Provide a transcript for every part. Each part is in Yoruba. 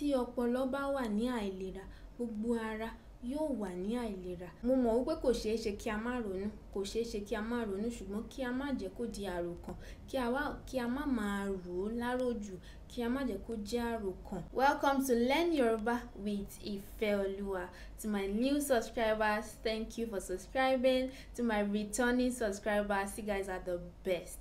Tí ọpọlọ bá wà ní àìlera, gbogbo ara yóò wà ní àìlera. Mo mọ̀ wípé kò ṣeé ṣe kí a má ronú, kò ṣeé ṣe kí a má ronú ṣùgbọ́n kí a má jẹ́ kó di àròkàn, kí a wá, kí a má máa rò ó láròjù, kí a má jẹ́ kó jẹ́ àròkàn. Welcome to Learn Yoruba with Ifeoluwa. To my new subscribers, thank you for subscribing. To my returning subscribers, you guys are the best.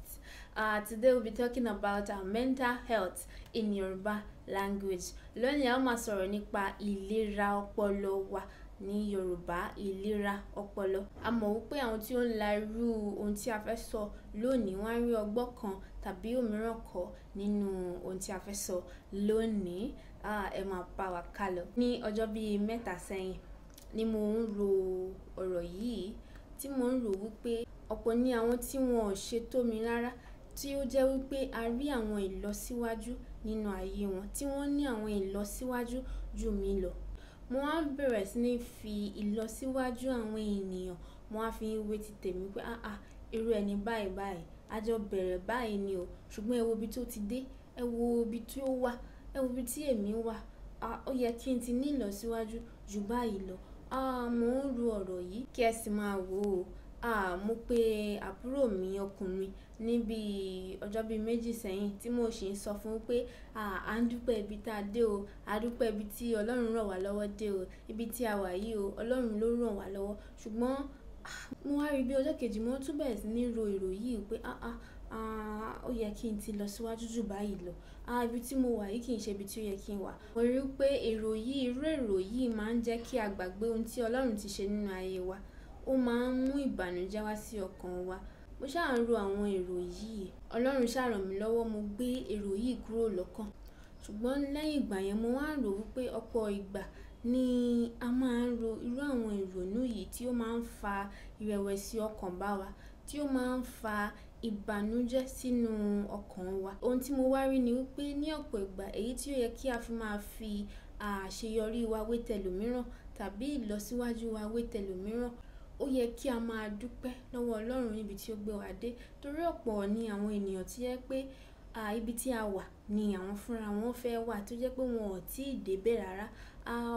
Uh, today we'll be talking about uh, mental health in Yoruba language. Lónìí a máa sọ̀rọ̀ nípa ìlera ọpọlọ wa ní Yorùbá ìlera ọpọlọ. A mọ̀ wípé àwọn tí ó ń la irú ohun tí a fẹ́ sọ lónìí wọ́n á rí ọgbọ́n kan tàbí òmíràn kọ́ nínú ohun tí a fẹ́ sọ lónìí. Ẹ máa bá wa kálọ. Ní ọjọ́ bíi mẹ́ta sẹ́yìn ni mo ń ro ọ̀rọ̀ yìí tí mo ń rò wípé ọ̀pọ̀ ni àwọn tí wọn ò ṣe tó rárá tí ó jẹ́ wípé a rí àwọn ìlọsíwájú nínú ayé wọn tí wọ́n ní àwọn ìlọsíwájú jù mí lọ. Mo á bẹ̀rẹ̀ sí ní fi ìlọsíwájú àwọn ènìyàn mo á fi wé ti tèmi pé àá irú ẹni báyìí báyìí a jọ bẹ̀rẹ̀ báyìí ni o ṣùgbọ́n ẹ wo ibi tó ti dé ẹ wo ibi tí ó wà ẹ wo ibi tí èmi wà ó yẹ kí n ti ní ìlọsíwájú jù báyìí lọ. Mò ń ro ọ̀rọ̀ yìí kí ẹ sì máa wò ó. Ah, mo pe àbúrò mi ọkùnrin ní bí ọjọ́ bí méjì sẹ́yìn tí mo sì ń sọ fún un pé à ń dúpẹ́ ibi tá a dé o, à dúpẹ́ ibi tí Ọlọ́run ràn wá lọ́wọ́ dé o, ibi tí a wà yìí o, Ọlọ́run ló ràn wá lọ́wọ́. Ṣùgbọ́n mo wá rí bí ọjọ́ kejì mo tún bẹ̀rẹ̀ sí ní ro èrò yìí pé ah ah, ah, ó yẹ kí n ti lọ síwájú jù báyìí lọ. Ah, ibi tí mo wà yìí kì í ṣe ibi tí ó yẹ kí n wà. Mo rí pé èrò yìí, irú èrò yìí máa ń jẹ́ kí a gbàgbé ohun tí Ọlọ́run ti ṣe nínú ayé wa ó máa ń mú ìbànújẹ́ wá sí ọkàn wa mo ṣáà ń ro àwọn èrò yìí ọlọ́run ṣáà ràn mí lọ́wọ́ mo gbé èrò yìí kúrò lọ́kàn ṣùgbọ́n lẹ́yìn ìgbà yẹn mo wá rò wípé ọ̀pọ̀ ìgbà ni a máa ń ro irú àwọn ìrònú yìí tí ó máa ń fa ìrẹ̀wẹ̀sì ọkàn bá wa tí ó máa ń fa ìbànújẹ́ sínú ọkàn wa ohun tí mo wá rí ni wípé ní ọ̀pọ̀ ìgbà èyí tí ó yẹ kí a fi máa fi àṣeyọrí wa wé tẹlòmíràn tàbí ìlọsíwájú wa wé tẹlòmíràn ó yẹ kí a máa dúpẹ́ lọ́wọ́ Ọlọ́run níbi tí ó gbé wa dé torí ọ̀pọ̀ ni àwọn ènìyàn tí yẹ pé ibi tí a wà ni àwọn fúnra wọn fẹ́ wà tó jẹ́ pé wọn ò tí ì débẹ̀ rárá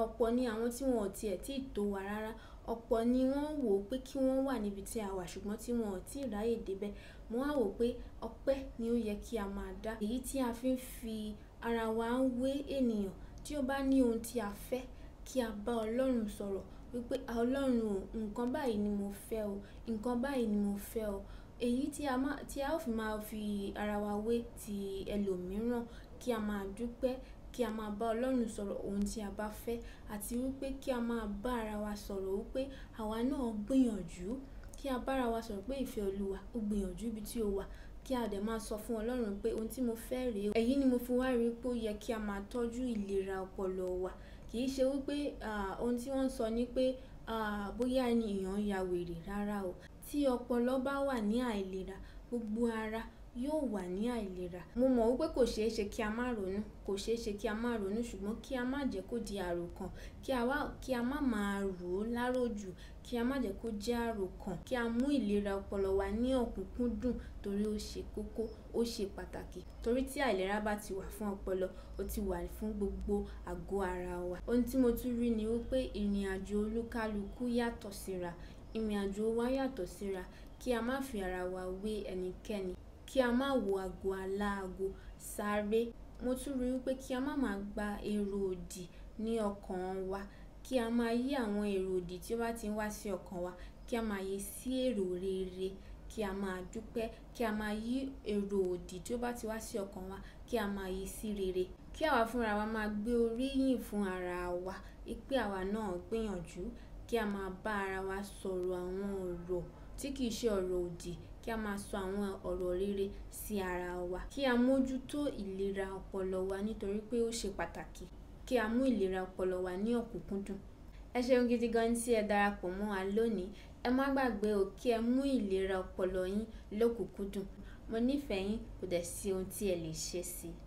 ọ̀pọ̀ ni àwọn tí wọn ò tiẹ̀ tí ì tó wa rárá ọ̀pọ̀ ni wọ́n wò ó pé kí wọ́n wà níbi tí a wà ṣùgbọ́n tí wọn ò tí ì ráyè débẹ̀ wọ́n á wò pé ọpẹ́ ni ó yẹ kí a máa dá èyí tí a fi ń fi ara wa ń wé ènìyàn tí ó bá ní ohun tí a fẹ́ kí a bá Ọlọ́run sọ̀rọ̀ wípé Ọlọ́run o, nǹkan báyìí ni mo fẹ́ o, nǹkan báyìí ni mo fẹ́ o. Èyí tí a máa, tí a ó fi máa fi ara wa wé ti ẹlòmíràn, kí a máa dúpẹ́, kí a máa bá Ọlọ́run sọ̀rọ̀ ohun tí a bá fẹ́ àti wípé kí a máa bá ara wa sọ̀rọ̀ wípé àwa náà gbìyànjú. Kí a bá ara wa sọ̀rọ̀ pé ìfẹ́ Olúwa ó gbìyànjú ibi tí o wà. Kí a dẹ̀ máa sọ fún Ọlọ́run pé ohun tí mo fẹ́ rè Èyí ni mo fi wá rí pé ó yẹ kí a máa tọ́jú ìlera ọpọlọ wa kì í ṣe wípé ohun tí wọ́n ń sọ ni pé bóyá ènìyàn ya wèrè rárá o tí ọpọlọ bá wà ní àìlera gbogbo ara yóò wà ní àìlera mo mọ̀ wípé kò ṣeé ṣe kí a má ronú kò ṣeé ṣe kí a má ronú ṣùgbọ́n kí a má jẹ́ kó di àròkàn kí a wá kí a má máa rò ó láròjù kí a má jẹ́ kó jẹ́ àròkàn kí a mú ìlera ọpọlọ wa ní ọ̀kúnkúndùn torí ó ṣe kókó ó ṣe pàtàkì torí tí àìlera bá ti wà fún ọpọlọ ó ti wà fún gbogbo àgọ́ ara wa ohun tí mo tún rí ni wípé ìrìn àjò olúkálukú yàtọ̀ síra ìrìn àjò wa yàtọ̀ síra kí a má fi ara wa wé ẹnikẹ́ni kí a má wo aago aláago sáré mo tún rí wípé kí a má máa gba èrò òdì ní ọkàn wa kí a máa yí àwọn èrò òdì tí ó bá ti ń wá sí ọkàn wa kí a máa yí sí èrò rere kí a máa dúpẹ́ kí a máa yí èrò òdì tí ó bá ti wá sí ọkàn wa kí a máa yí sí rere kí àwa fúnra wa máa gbé oríyìn fún ara wa pé àwa náà gbìyànjú kí a máa bá ara wa sọ̀rọ̀ àwọn ọ̀rọ̀ tí kì ṣe ọ̀rọ̀ òdì kí a máa sọ àwọn ọ̀rọ̀ rere sí ara wa kí a mójútó ìlera ọpọlọ wa nítorí pé ó ṣe pàtàkì kí a mú ìlera ọpọlọ wa ní ọ̀kúnkúndùn ẹ ṣeun gidi gan tí ẹ darapọ̀ mọ́ wa lónìí ẹ má gbàgbé o kí ẹ mú ìlera ọpọlọ yín lọ́kùnkúndùn mo nífẹ̀ẹ́ yín kò dẹ̀ sí ohun tí ẹ lè ṣe sí i